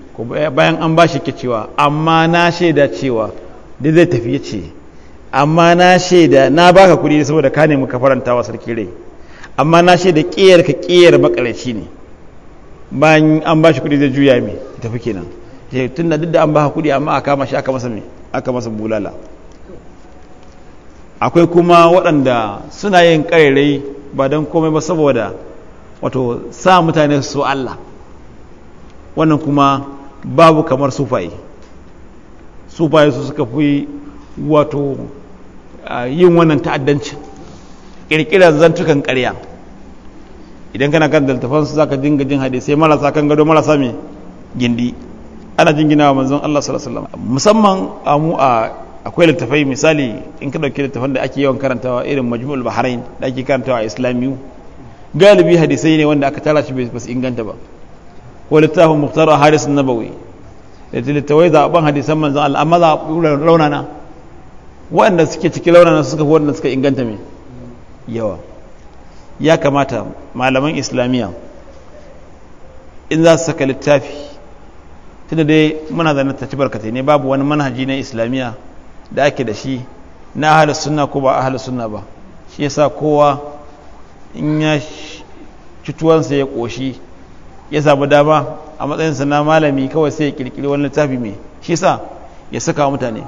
bayan an bashi ke cewa amma na shaida cewa da zai tafi yace amma na shaida na baka kuɗi saboda ka nemi ka faranta wa sarki rai amma na shaida kiyar ka kiyar makarashi ne bayan an bashi kuɗi zai juya mi tafi kenan tunda duk da an baka kuɗi amma aka kama shi aka masa me aka masa bulala akwai kuma waɗanda suna yin ƙarerai ba don komai ba saboda wato sa mutane su Allah wannan kuma babu kamar sufaye sufaye su suka fi wato yin wannan ta'addanci ƙirƙirar zantukan ƙarya idan kana kan daltafansu za ka dinga jin sai marasa kan gado marasa mai gindi ana jingina wa manzon Allah sallallahu alaihi wasallam musamman a mu a akwai littafai misali in ka dauki littafan da ake yawan karantawa irin majmu'ul bahrain da ake karantawa a islamiyu galibi hadisai ne wanda aka tara shi ba su inganta ba ko littafin muktar haris nabawi da littafai zaɓen hadisan manzon Allah amma zaɓen raunana waɗanda suke ciki raunana suka fi waɗanda suka inganta mai yawa ya kamata malaman islamiyya in za su saka littafi tunda dai muna zanen ta ci barkatai ne babu wani manhaji na islamiyya da ake da shi na ahalus sunna ko ba ahalus sunna ba shi yasa kowa in ya cutuwansa ya ƙoshi ya samu dama a matsayinsa na malami kawai sai ya kirkiri wani littafi mai shi sa ya saka mutane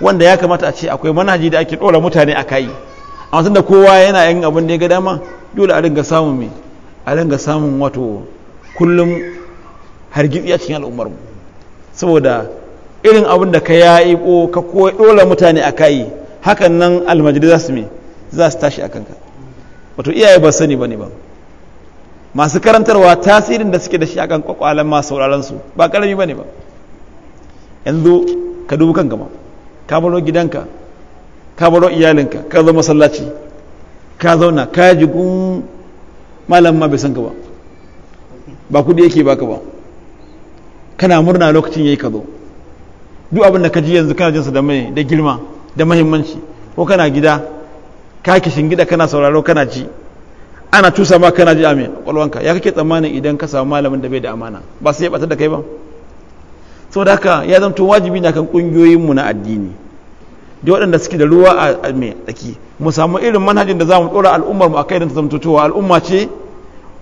wanda ya kamata a ce akwai manhaji da ake ɗora mutane a kayi amma da kowa yana yin abin da ya ga dama dole a dinga samun mai a dinga samun wato kullum hargitsi a cikin al'ummar saboda irin abin da ka yayi ko ka koyi dole mutane a kai hakan nan almajiri za su mi za su tashi a kanka wato iyaye ba sani ba ne ba masu karantarwa tasirin da suke da shi akan kwakwalen masu sauraron su ba karami ba ne ba yanzu ka dubu kan gama ka baro gidanka ka baro iyalinka ka zo masallaci ka zauna ka gun malam ma bai san ka ba ba kudi yake baka ba kana murna lokacin yayi ka zo duk abin da ka ji yanzu kana jinsa da mai da girma da mahimmanci ko kana gida ka kishin gida kana sauraro kana ji ana tusa ma kana ji amin kwalwanka ya kake tsammanin idan ka samu malamin da bai da amana ba su ya batar da kai ba da haka ya zamto wajibi na kan kungiyoyinmu na addini da waɗanda suke da ruwa a mai tsaki mu samu irin manhajin da za mu ɗora al'ummar a kai don ta zamtotowa al'umma ce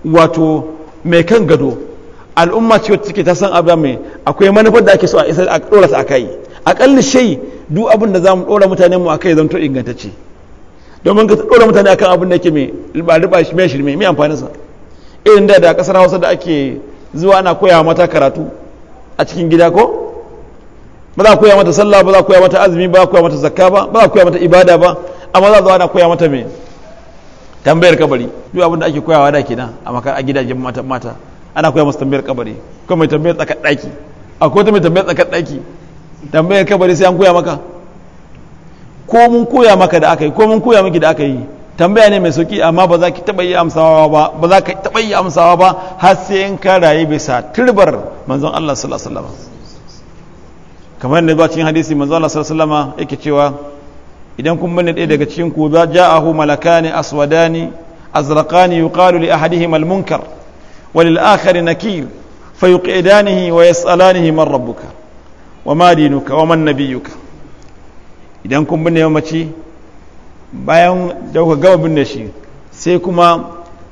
wato mai kan gado al'umma ce wacce take ta san abu mai akwai manufar da ake so a isa a dora su akai akalli shai duk abin da zamu dora mutanen mu akai zanto ingantacce domin ka dora mutane akan abin da yake mai riba riba shi mai shirme mai amfanin sa irin da da kasar Hausa da ake zuwa ana koya mata karatu a cikin gida ko ba za a koya mata sallah ba za a koya mata azumi ba za koya mata zakka ba ba za a koya mata ibada ba amma za zuwa ana koya mata mai tambayar kabari duk abin da ake koyawa da kenan a makar a gidajen mata mata ana koya musu tambayar kabari ko mai tambayar tsakar daki akwai ta mai tambayar tsakar daki tambayar kabari sai an koya maka ko mun koya maka da aka yi ko mun koya miki da aka yi tambaya ne mai sauki amma ba za ki taba yi amsawa ba ba za ka taba yi amsawa ba har sai in ka rayu bisa turbar manzon Allah sallallahu alaihi wasallam kamar ne zuwa cikin hadisi manzon Allah sallallahu alaihi wasallam yake cewa idan kun bane ɗaya daga cikin ku za ja'ahu malakani aswadani azraqani yuqalu li ahadihim al munkar وللآخر نكير فيقعدانه ويسألانه من ربك وما دينك ومن نبيك idan kun binne mace bayan da kuka gama binne shi sai kuma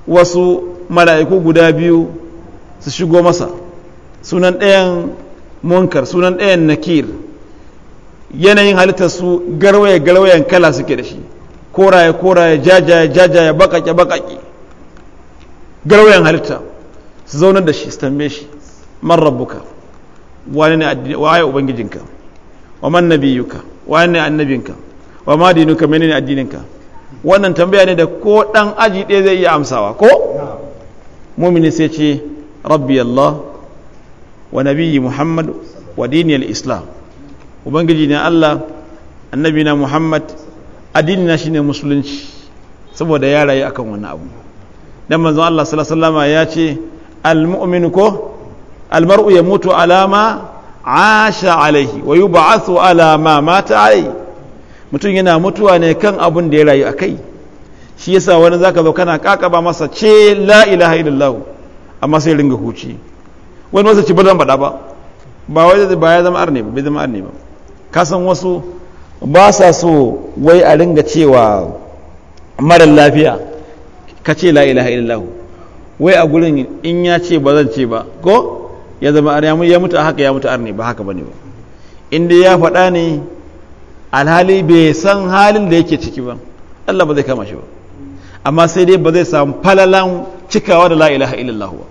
wasu mala'iku guda biyu su shigo masa sunan ɗayan munkar sunan ɗayan nakir yanayin halittarsu garwaye garwayen kala suke da shi koraye koraye jajaye jajaye bakake bakake garwayen halitta su zaunar da shi su tambaye shi man rabuka wani ne addini waye ubangijinka wa man nabiyuka wani ne annabinka wa ma dinuka ne addininka wannan tambaya ne da ko dan aji ɗaya zai iya amsawa ko mumini sai ce rabbi Allah wa nabiyyi Muhammad wa dini al-islam ubangiji ne Allah annabi na Muhammad addini na shine musulunci saboda ya rayu akan wani abu dan manzon Allah sallallahu alaihi wasallama ya ce المؤمن كو المرء يموت على ما عاش عليه ويبعث على ما مات عليه mutum yana mutuwa ne kan abun da ya rayu a kai shi yasa wani zaka zo kana kakaba masa ce la ilaha illallah amma sai ringa huci wani wasu ci bazan bada ba ba wai ba ya zama arne ba bai zama arne ba kasan wasu ba sa so wai a ringa cewa mara lafiya ka ce la ilaha illallah wai a gurin in ya ce ba zan ce ba ko ya zama aryamu ya mutu haka ya mutu arni ba haka bane ba inda ya faɗa ne alhali bai san halin da yake ciki ba Allah ba zai kama shi ba amma sai dai ba zai samu falalan cikawa da la ilaha illallah ba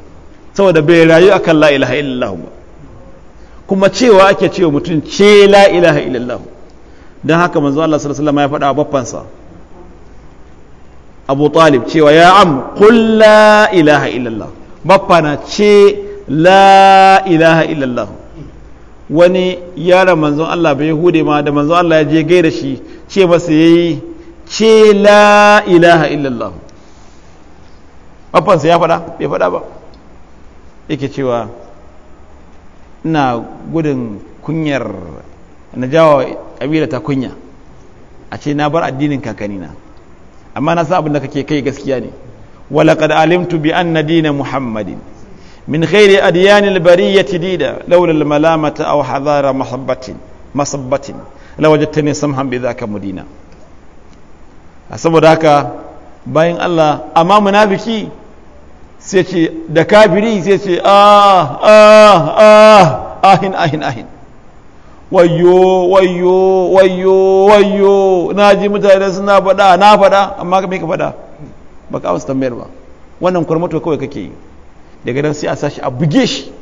saboda bai rayu akan la ilaha illallah ba kuma cewa ake cewa mutum ce la ilaha illallah don haka manzo Allah sallallahu alaihi wasallam ya faɗa a baffansa abu talib cewa ya am qul la ilaha illallah baffana ce la ilaha illallah wani yara manzon Allah bai hude ma da manzon Allah ya je gaida shi ce masa yayi ce la ilaha illallah babbansa ya fada bai fada ba yake cewa ina gudun kunyar na jawo kabila ta kunya a ce na bar addinin kakanina amma na san abin da kake kai gaskiya ne walaƙad alimtu bi an na dina muhammadin min khairi adiyanil bariya ti dida laulal malamata a hadara mahabbatin masabbatin la ta ne samhan bi mu mudina saboda haka bayan allah amma munafiki sai ce da kafiri sai ce ah ah ah ahin ahin ahin wayo wayo wayo wayo na ji mutane suna faɗa na fada amma ka ka faɗa ba ka amsa tambayar ba wannan kwarmato kawai kake yi daga nan sai a sashi a buge shi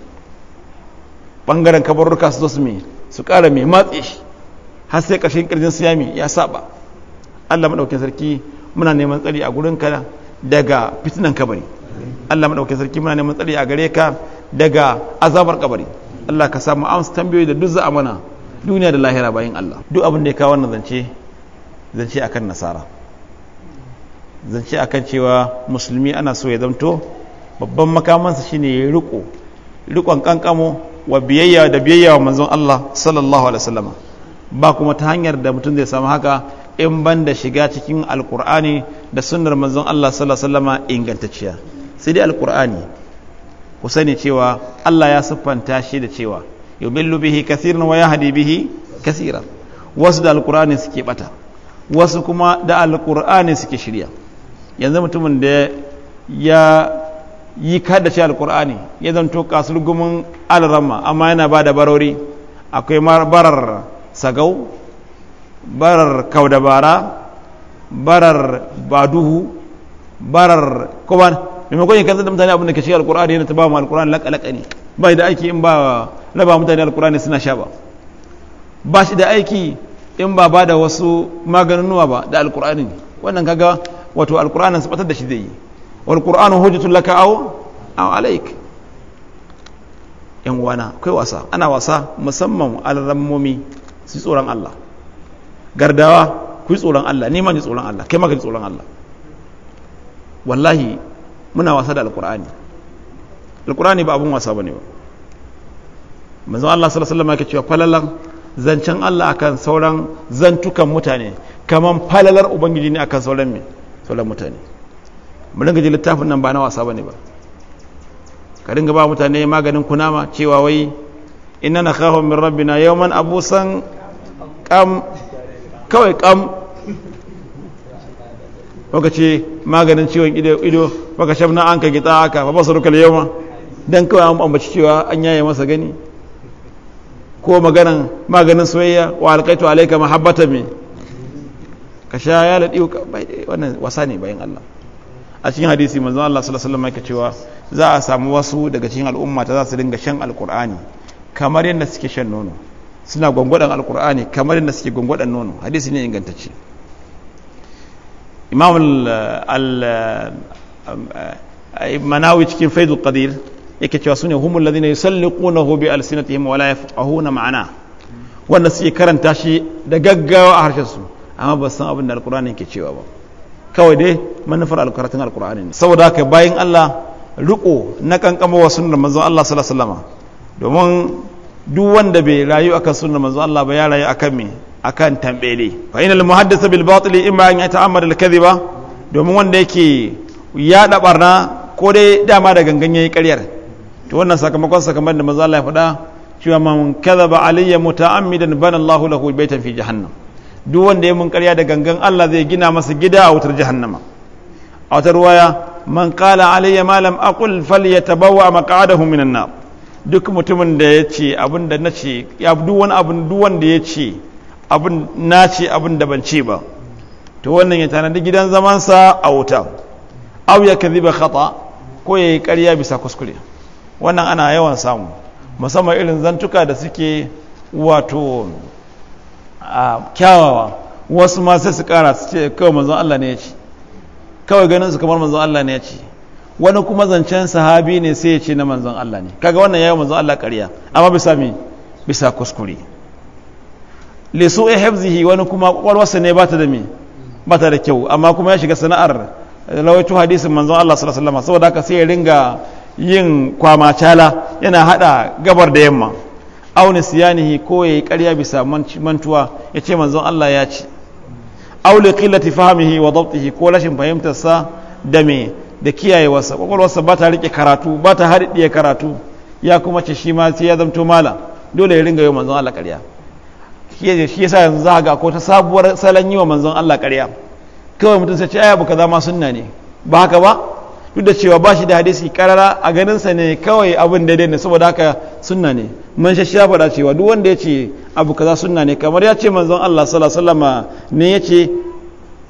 bangaren kabarurka su zo su mai su ƙara mai matse shi har sai ƙarshen ƙirjin su yami ya saba allah maɗaukin sarki muna neman tsari a gurin ka daga fitinan kabari allah maɗaukin sarki muna neman tsari a gare ka daga azabar kabari allah ka samu amsa tambayoyi da duk za mana duniya da lahira bayan Allah duk abin da ya kawo wannan zance zance akan nasara zance akan cewa musulmi ana so ya zamto babban makamansa shine ya riko rikon kankamo wa biyayya da biyayya wa manzon Allah sallallahu alaihi wasallam ba kuma ta hanyar da mutum zai samu haka in ban da shiga cikin alkur'ani da sunnar manzon Allah sallallahu alaihi wasallam ingantacciya sai dai alkur'ani ku sani cewa Allah ya siffanta shi da cewa yubillu bihi kathiran wa yahdi bihi kathiran wasu da alkur'ani suke bata wasu kuma da alkur'ani suke shirya yanzu mutumin da ya yi kada shi alkur'ani ya zanto kasulgumin alramma amma yana ba da barori akwai barar sagau barar kaudabara barar baduhu barar kuma maimakon ya kanzar mutane abinda da ke shi alkur'ani yana ta ba mu alkur'ani laƙa-laƙa ne ba da aiki in ba raba mutane alkur'ani suna sha ba ba shi da aiki in ba ba da wasu maganinuwa ba da alkur'ani wannan kaga wato alkur'anin su da shi zai yi walkur'anu hujjatul laka aw aw alaik yan wana kai wasa ana wasa musamman alrammomi su tsoron Allah gardawa ku tsoron Allah ni ma ni tsoron Allah kai ma ka tsoron Allah wallahi muna wasa da alkur'ani alkur'ani ba abun wasa bane ba manzo Allah sallallahu alaihi wasallam yake cewa falalan zancen Allah akan sauran zantukan mutane kaman falalar ubangiji ne akan sauran me sauran mutane mu dinga ji littafin nan ba na wasa bane ba ka dinga ba mutane maganin kunama cewa wai inna nakhahu min rabbina yawman abusan kam kawai kam baka ce maganin ciwon ido baka shafna an ka gita aka ba basu rukal yau don kawai an ambaci cewa an yaye masa gani ko maganin maganin soyayya wa alqaitu alayka mahabbata mi ka sha ya ladi wannan wasa ne bayan Allah a cikin hadisi manzon Allah sallallahu alaihi wasallam yake cewa za a samu wasu daga cikin al'umma ta za su dinga shan alqur'ani kamar yadda suke shan nono suna gwangwadan alqur'ani kamar yadda suke gwangwadan nono hadisi ne ingantacce imam al-manawi cikin faidul qadir yake cewa sune humul ladina yusalliqunahu bi alsinatihim wala yafqahuna ma'ana wannan sai karanta shi da gaggawa a harshen su amma ba san abin da alqur'ani yake cewa ba kawai dai manufar alkaratun alqur'ani ne saboda haka bayan Allah riko na kankama wa sunnar manzon Allah sallallahu alaihi wasallam domin duk wanda bai rayu akan sunnar manzon Allah ba ya rayu akan me akan tambele fa inal muhaddis bil batil imma an yata'ammad al kadhiba domin wanda yake ya da barna ko dai dama da gangan yayi ƙaryar to wannan sakamakon sakamakon da manzo Allah ya faɗa cewa man kadhaba alayya muta'ammidan bana Allahu lahu baytan fi jahannam duk wanda ya mun ƙarya da gangan Allah zai gina masa gida a wutar jahannama a wata ruwaya man qala alayya ma lam aqul falyatabawwa maq'adahu minan nar duk mutumin da ya abin da na ya duk wani abin duk wanda ya abin nace abin da ban ce ba to wannan ya tanadi gidan zamansa a wuta aw ya kadhiba khata ko yayi ƙarya bisa kuskure wannan ana yawan samu musamman irin zantuka da suke wato a kyawawa wasu ma sai su kara su ce kawai manzon Allah ne ya ce kawai ganin su kamar manzon Allah ne ya ce wani kuma zancen sahabi ne sai ya ce na manzon Allah ne kaga wannan yayi manzon Allah ƙarya amma bisa mi bisa kuskure li ya e hafzihi wani kuma kwakwalwarsa ne bata da me bata da kyau amma kuma ya shiga sana'ar lawacin eh, hadisin manzon Allah sallallahu alaihi wasallam saboda haka sai ya ringa yin kwama cala yana hada gabar da yamma aw siyanihi ko yayi ƙarya bisa mantuwa ya yace manzon Allah ya ci aw li qillati fahmihi wa ko rashin fahimtarsa da me da kiyayewarsa kwakwalwarsa ba ta rike karatu ba ta karatu ya kuma ce shi ma sai ya zamto mala dole ya ringa yau manzon Allah ƙarya shi yasa yanzu za ga ko ta sabuwar salon yi wa manzon Allah ƙarya kawai mutum sai ce aya abu kaza sunna ne ba haka ba duk da cewa ba shi da hadisi karara a ganin sa ne kawai abin daidai ne saboda haka sunna ne man shi ya faɗa cewa duk wanda ya ce abu kaza sunna ne kamar ya ce manzon Allah sallallahu alaihi wasallam ne ya ce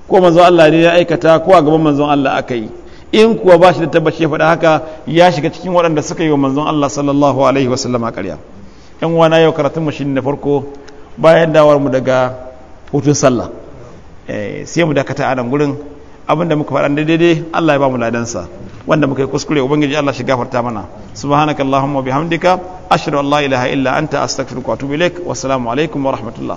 ko manzon Allah ne ya aikata ko a gaban manzon Allah aka yi in kuwa ba shi da tabbaci ya faɗa haka ya shiga cikin waɗanda suka yi wa manzon Allah sallallahu alaihi wasallam a ƙarya yan uwana yau karatun mu ne na farko bayan dawar mu daga hutun sallah eh, sai mu dakata a nan gurin abinda muka faɗa daidai Allah ya ba mu ladansa wanda muka yi kuskure ubangiji Allah shi gafarta mana subhanaka allahumma bihamdika ashhadu an la ilaha illa anta astaghfiruka wa atubu ilaik wassalamu alaikum wa rahmatullah